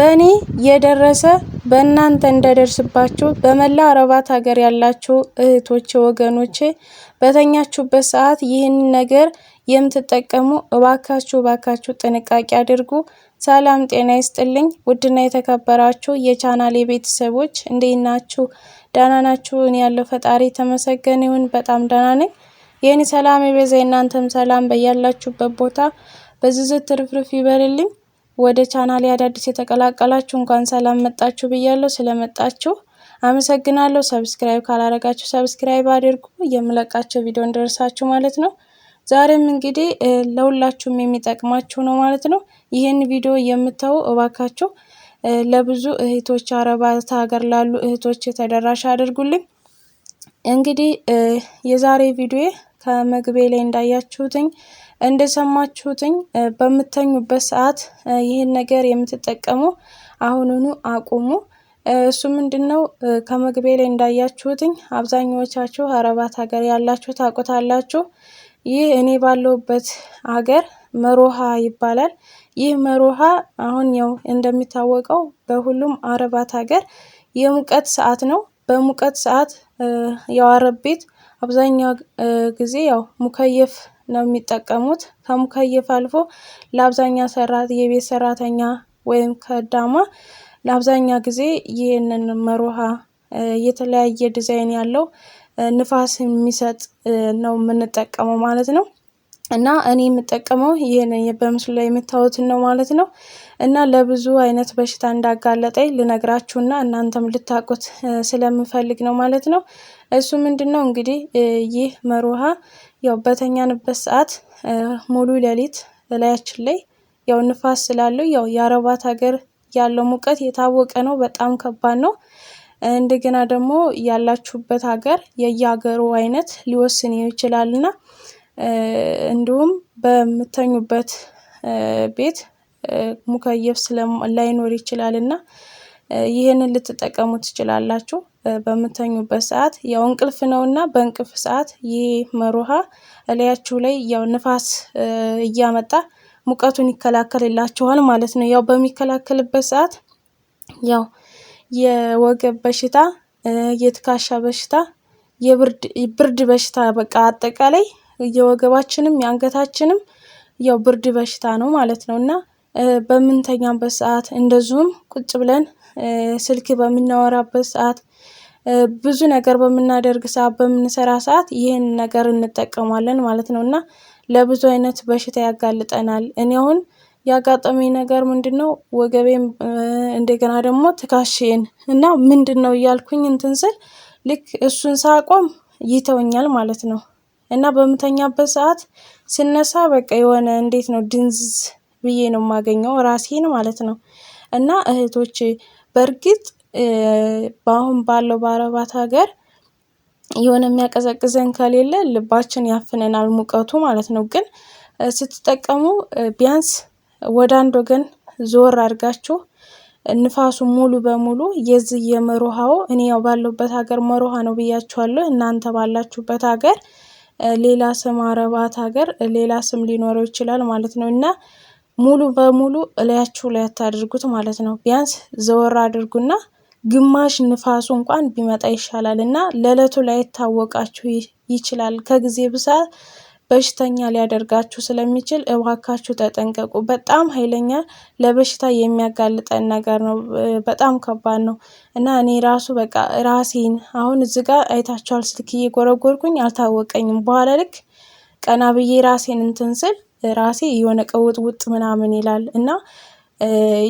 በእኔ የደረሰ በእናንተ እንደደርስባችሁ በመላ አረባት ሀገር ያላችሁ እህቶች ወገኖቼ በተኛችሁበት ሰዓት ይህን ነገር የምትጠቀሙ እባካችሁ እባካችሁ ጥንቃቄ አድርጉ። ሰላም ጤና ይስጥልኝ። ውድና የተከበራችሁ የቻናሌ ቤተሰቦች እንዴት ናችሁ? ደህና ናችሁ? እኔ ያለው ፈጣሪ የተመሰገነ ይሁን በጣም ደህና ነኝ። የእኔ ሰላም የበዛ የእናንተም ሰላም በያላችሁበት ቦታ በዝዝት ትርፍርፍ ይበልልኝ። ወደ ቻናሌ አዳዲስ የተቀላቀላችሁ እንኳን ሰላም መጣችሁ ብያለሁ። ስለመጣችሁ አመሰግናለሁ። ሰብስክራይብ ካላረጋችሁ ሰብስክራይብ አድርጉ፣ የምለቃቸው ቪዲዮ እንደርሳችሁ ማለት ነው። ዛሬም እንግዲህ ለሁላችሁም የሚጠቅማችሁ ነው ማለት ነው። ይህን ቪዲዮ የምታዩ እባካችሁ ለብዙ እህቶች አረባት ሀገር ላሉ እህቶች ተደራሽ አድርጉልኝ። እንግዲህ የዛሬ ቪዲዮ ከመግቤ ላይ እንዳያችሁትኝ እንደሰማችሁትኝ በምተኙበት ሰዓት ይህን ነገር የምትጠቀሙ አሁኑኑ አቁሙ። እሱ ምንድን ነው? ከመግቤ ላይ እንዳያችሁትኝ አብዛኛዎቻችሁ አረባት ሀገር ያላችሁ ታውቁታላችሁ። ይህ እኔ ባለሁበት ሀገር መሮሃ ይባላል። ይህ መሮሃ አሁን ያው እንደሚታወቀው በሁሉም አረባት ሀገር የሙቀት ሰዓት ነው። በሙቀት ሰዓት የአረብ ቤት አብዛኛው ጊዜ ያው ሙከየፍ ነው የሚጠቀሙት ከሙከየፍ አልፎ ለአብዛኛ ሰራት የቤት ሰራተኛ ወይም ከዳማ ለአብዛኛ ጊዜ ይህንን መሮሃ የተለያየ ዲዛይን ያለው ንፋስ የሚሰጥ ነው የምንጠቀመው ማለት ነው እና እኔ የምጠቀመው ይህን በምስሉ ላይ የምታዩትን ነው ማለት ነው። እና ለብዙ አይነት በሽታ እንዳጋለጠኝ ልነግራችሁና እናንተም ልታቁት ስለምፈልግ ነው ማለት ነው። እሱ ምንድን ነው እንግዲህ ይህ መሮሃ ያው በተኛንበት ሰዓት ሙሉ ሌሊት እላያችን ላይ ያው ንፋስ ስላለው ያው የአረባት ሀገር ያለው ሙቀት የታወቀ ነው። በጣም ከባድ ነው። እንደገና ደግሞ ያላችሁበት ሀገር የየሀገሩ አይነት ሊወስን ይችላልና እንዲሁም በምተኙበት ቤት ሙከየፍ ላይኖር ይችላል እና ይህንን ልትጠቀሙ ትችላላችሁ። በምተኙበት ሰዓት ያው እንቅልፍ ነውና በእንቅልፍ ሰዓት ይህ መሮሃ እላያችሁ ላይ ያው ንፋስ እያመጣ ሙቀቱን ይከላከልላችኋል ማለት ነው። ያው በሚከላከልበት ሰዓት ያው የወገብ በሽታ፣ የትካሻ በሽታ፣ የብርድ በሽታ በቃ አጠቃላይ የወገባችንም የአንገታችንም ያው ብርድ በሽታ ነው ማለት ነው እና በምንተኛበት ሰዓት እንደዚሁም ቁጭ ብለን ስልክ በምናወራበት ሰዓት ብዙ ነገር በምናደርግ ሰዓት በምንሰራ ሰዓት ይህን ነገር እንጠቀማለን ማለት ነው እና ለብዙ አይነት በሽታ ያጋልጠናል። እኔ አሁን ያጋጠመኝ ነገር ምንድን ነው? ወገቤም እንደገና ደግሞ ትካሽን እና ምንድን ነው እያልኩኝ እንትን ስል ልክ እሱን ሳቆም ይተውኛል ማለት ነው እና በምተኛበት ሰዓት ስነሳ በቃ የሆነ እንዴት ነው ድንዝዝ ብዬ ነው የማገኘው ራሴን ማለት ነው። እና እህቶች በእርግጥ በአሁን ባለው በአረባት ሀገር የሆነ የሚያቀዘቅዘን ከሌለ ልባችን ያፍነናል ሙቀቱ ማለት ነው። ግን ስትጠቀሙ ቢያንስ ወደ አንድ ወገን ዞር አድርጋችሁ ንፋሱ ሙሉ በሙሉ የዚህ የመር እኔ ያው ባለሁበት ሀገር መሮሃ ነው ብያችኋለሁ እናንተ ባላችሁበት ሀገር ሌላ ስም አረባት ሀገር ሌላ ስም ሊኖረው ይችላል ማለት ነው። እና ሙሉ በሙሉ እላያችሁ ላይ አታድርጉት ማለት ነው። ቢያንስ ዘወር አድርጉና ግማሽ ንፋሱ እንኳን ቢመጣ ይሻላል እና ለዕለቱ ላይ ታወቃችሁ ይችላል ከጊዜ ብሳ በሽተኛ ሊያደርጋችሁ ስለሚችል እባካችሁ ተጠንቀቁ። በጣም ኃይለኛ ለበሽታ የሚያጋልጠን ነገር ነው። በጣም ከባድ ነው እና እኔ ራሱ በቃ ራሴን አሁን እዚ ጋር አይታችኋል፣ ስልክ እየጎረጎርኩኝ አልታወቀኝም። በኋላ ልክ ቀና ብዬ ራሴን እንትን ስል ራሴ የሆነ ቀውጥ ውጥ ምናምን ይላል እና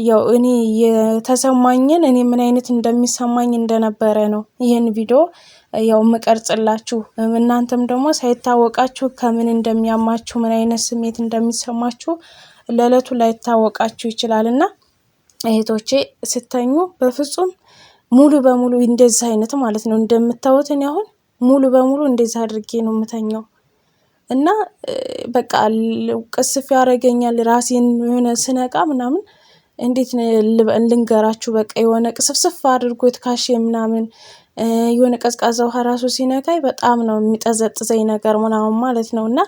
ያው እኔ የተሰማኝን እኔ ምን አይነት እንደሚሰማኝ እንደነበረ ነው ይህን ቪዲዮ ያው ምቀርጽላችሁ እናንተም ደግሞ ሳይታወቃችሁ ከምን እንደሚያማችሁ ምን አይነት ስሜት እንደሚሰማችሁ ለእለቱ ላይታወቃችሁ ይችላል እና እህቶቼ ስተኙ በፍጹም ሙሉ በሙሉ እንደዚህ አይነት ማለት ነው እንደምታዩት እኔ አሁን ሙሉ በሙሉ እንደዚህ አድርጌ ነው የምተኛው እና በቃ ቅስፍ ያደርገኛል ራሴን የሆነ ስነቃ ምናምን እንዴት ልንገራችሁ በቃ የሆነ ቅስፍስፍ አድርጎ የትካሽ ምናምን የሆነ ቀዝቃዛ ውሃ ራሱ ሲነካኝ በጣም ነው የሚጠዘጥዘኝ ነገር ምናምን ማለት ነው። እና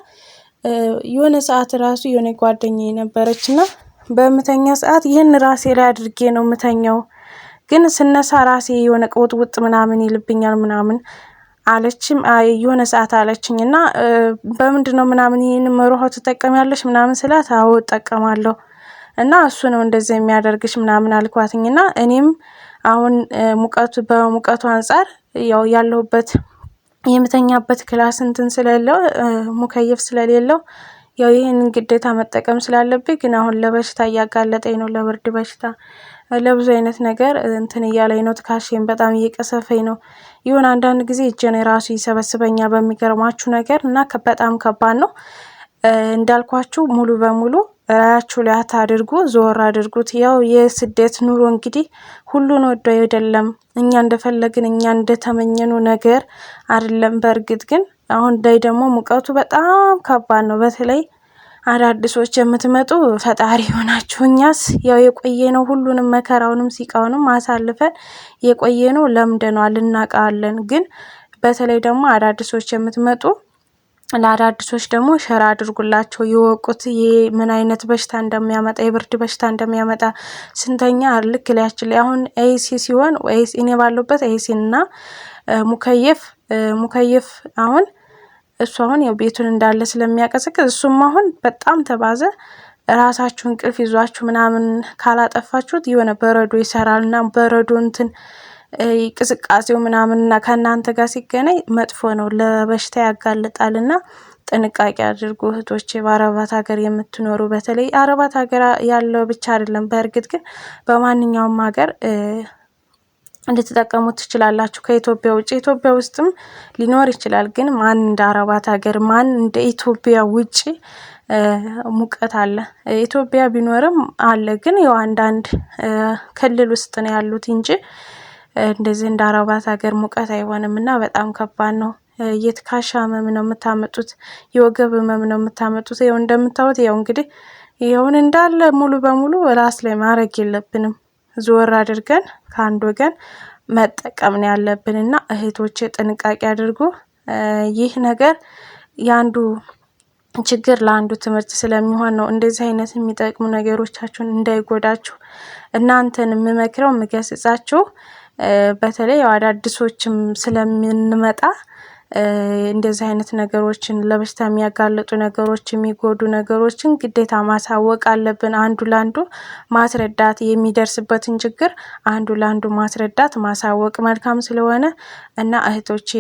የሆነ ሰዓት ራሱ የሆነ ጓደኛ ነበረች እና በምተኛ ሰዓት ይህን ራሴ ላይ አድርጌ ነው ምተኛው ግን ስነሳ ራሴ የሆነ ቅውጥውጥ ምናምን ይልብኛል ምናምን አለችም የሆነ ሰዓት አለችኝ እና በምንድን ነው ምናምን ይህን መርሆ ትጠቀሚያለች ምናምን ስላት አዎ እጠቀማለሁ እና እሱ ነው እንደዚህ የሚያደርግሽ ምናምን አልኳትኝ እና እኔም አሁን ሙቀቱ በሙቀቱ አንጻር ያው ያለሁበት የምተኛበት ክላስ እንትን ስለሌለው ሙከየፍ ስለሌለው ያው ይህንን ግዴታ መጠቀም ስላለብኝ ግን አሁን ለበሽታ እያጋለጠኝ ነው። ለብርድ በሽታ ለብዙ አይነት ነገር እንትን እያለኝ ነው። ትካሽን በጣም እየቀሰፈኝ ነው። ይሁን አንዳንድ ጊዜ እጄን የራሱ ይሰበስበኛ በሚገርማችሁ ነገር እና በጣም ከባድ ነው። እንዳልኳችሁ ሙሉ በሙሉ ራያችሁ ላይ አድርጉ፣ ዞር አድርጉት። ያው የስደት ኑሮ እንግዲህ ሁሉን ወዶ አይደለም። እኛ እንደፈለግን እኛ እንደተመኘኑ ነገር አይደለም። በእርግጥ ግን አሁን ላይ ደግሞ ሙቀቱ በጣም ከባድ ነው። በተለይ አዳዲሶች የምትመጡ ፈጣሪ የሆናችሁ እኛስ ያው የቆየ ነው። ሁሉንም መከራውንም ሲቃውንም አሳልፈን የቆየ ነው። ለምደነዋል፣ እናውቃለን። ግን በተለይ ደግሞ አዳዲሶች የምትመጡ ለአዳዲሶች ደግሞ ሸራ አድርጉላቸው ይወቁት። ይህ ምን አይነት በሽታ እንደሚያመጣ የብርድ በሽታ እንደሚያመጣ ስንተኛ ልክ ላያችን ላይ አሁን ኤሲ ሲሆን እኔ ባለሁበት ኤሲ እና ሙከየፍ ሙከየፍ አሁን እሱ አሁን ያው ቤቱን እንዳለ ስለሚያቀዘቅዝ እሱም አሁን በጣም ተባዘ። ራሳችሁን ቅልፍ ይዟችሁ ምናምን ካላጠፋችሁት የሆነ በረዶ ይሰራል እና በረዶ እንትን ቅዝቃዜው ምናምንና ከእናንተ ጋር ሲገናኝ መጥፎ ነው፣ ለበሽታ ያጋልጣል እና ጥንቃቄ አድርጉ እህቶቼ። በአረባት ሀገር የምትኖሩ በተለይ አረባት ሀገር ያለው ብቻ አይደለም፣ በእርግጥ ግን በማንኛውም ሀገር ልትጠቀሙት ትችላላችሁ። ከኢትዮጵያ ውጭ ኢትዮጵያ ውስጥም ሊኖር ይችላል። ግን ማን እንደ አረባት ሀገር ማን እንደ ኢትዮጵያ ውጭ ሙቀት አለ። ኢትዮጵያ ቢኖርም አለ፣ ግን ያው አንዳንድ ክልል ውስጥ ነው ያሉት እንጂ እንደዚህ እንደ አረባት ሀገር ሙቀት አይሆንም እና በጣም ከባድ ነው። የትካሻ ህመም ነው የምታመጡት፣ የወገብ ህመም ነው የምታመጡት። ይኸው እንደምታዩት ያው እንግዲህ ይኸውን እንዳለ ሙሉ በሙሉ ራስ ላይ ማድረግ የለብንም። ዞር አድርገን ከአንድ ወገን መጠቀም ነው ያለብን እና እህቶች ጥንቃቄ አድርጉ። ይህ ነገር የአንዱ ችግር ለአንዱ ትምህርት ስለሚሆን ነው። እንደዚህ አይነት የሚጠቅሙ ነገሮቻችሁን እንዳይጎዳችሁ እናንተን የምመክረው የምገስጻችሁ በተለይ አዳዲሶችም ስለምንመጣ እንደዚህ አይነት ነገሮችን ለበሽታ የሚያጋልጡ ነገሮች የሚጎዱ ነገሮችን ግዴታ ማሳወቅ አለብን። አንዱ ለአንዱ ማስረዳት የሚደርስበትን ችግር አንዱ ለአንዱ ማስረዳት ማሳወቅ መልካም ስለሆነ እና እህቶቼ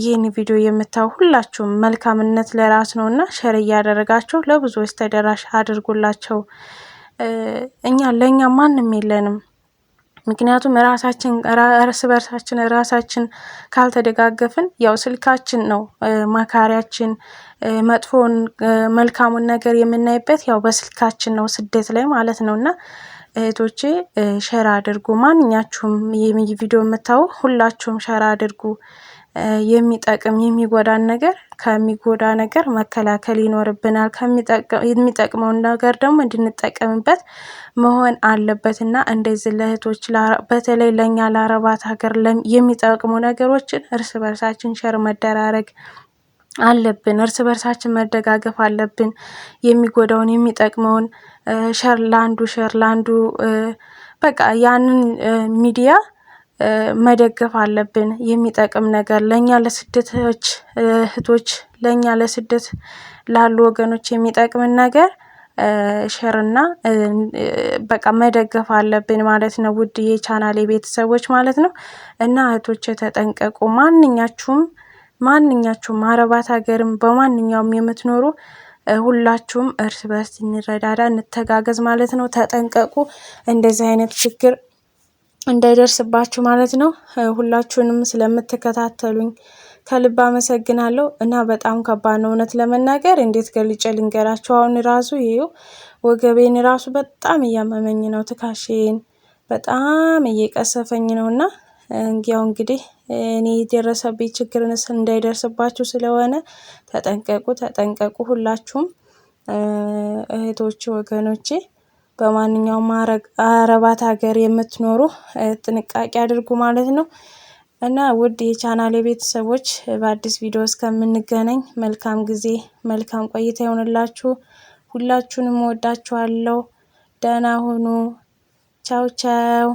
ይህን ቪዲዮ የምታዩ ሁላችሁም መልካምነት ለራስ እና ሸር እያደረጋቸው ለብዙዎች ተደራሽ አድርጉላቸው። እኛ ለእኛ ማንም የለንም ምክንያቱም ራሳችን እርስ በርሳችን ራሳችን ካልተደጋገፍን ያው ስልካችን ነው ማካሪያችን መጥፎውን መልካሙን ነገር የምናይበት ያው በስልካችን ነው ስደት ላይ ማለት ነው እና እህቶቼ ሸር አድርጉ። ማንኛችሁም ይህ ቪዲዮ የምታዩ ሁላችሁም ሸር አድርጉ። የሚጠቅም የሚጎዳን ነገር ከሚጎዳ ነገር መከላከል ይኖርብናል። የሚጠቅመውን ነገር ደግሞ እንድንጠቀምበት መሆን አለበት እና እንደዚህ ለእህቶች በተለይ ለእኛ ለአረባት ሀገር የሚጠቅሙ ነገሮችን እርስ በርሳችን ሸር መደራረግ አለብን። እርስ በርሳችን መደጋገፍ አለብን። የሚጎዳውን የሚጠቅመውን ሸር ለአንዱ ሸር ለአንዱ በቃ ያንን ሚዲያ መደገፍ አለብን። የሚጠቅም ነገር ለእኛ ለስደቶች እህቶች ለእኛ ለስደት ላሉ ወገኖች የሚጠቅምን ነገር ሸርና በቃ መደገፍ አለብን ማለት ነው። ውድ የቻናሌ ቤተሰቦች ማለት ነው እና እህቶች ተጠንቀቁ። ማንኛችሁም ማንኛችሁም አረባት ሀገርም በማንኛውም የምትኖሩ ሁላችሁም እርስ በርስ እንረዳዳ እንተጋገዝ ማለት ነው። ተጠንቀቁ። እንደዚህ አይነት ችግር እንዳይደርስባችሁ ማለት ነው። ሁላችሁንም ስለምትከታተሉኝ ከልብ አመሰግናለሁ እና በጣም ከባድ ነው እውነት ለመናገር እንዴት ገልጨ ልንገራችሁ። አሁን ራሱ ይሄው ወገቤን ራሱ በጣም እያመመኝ ነው፣ ትካሼን በጣም እየቀሰፈኝ ነው እና እንግያው እንግዲህ እኔ የደረሰብኝ ችግርን እንዳይደርስባችሁ ስለሆነ ተጠንቀቁ፣ ተጠንቀቁ ሁላችሁም እህቶች ወገኖቼ በማንኛውም አረባት ሀገር የምትኖሩ ጥንቃቄ አድርጉ ማለት ነው። እና ውድ የቻናል የቤተሰቦች በአዲስ ቪዲዮ እስከምንገናኝ መልካም ጊዜ መልካም ቆይታ ይሆንላችሁ። ሁላችሁንም ወዳችኋለሁ። ደህና ሁኑ። ቻው ቻው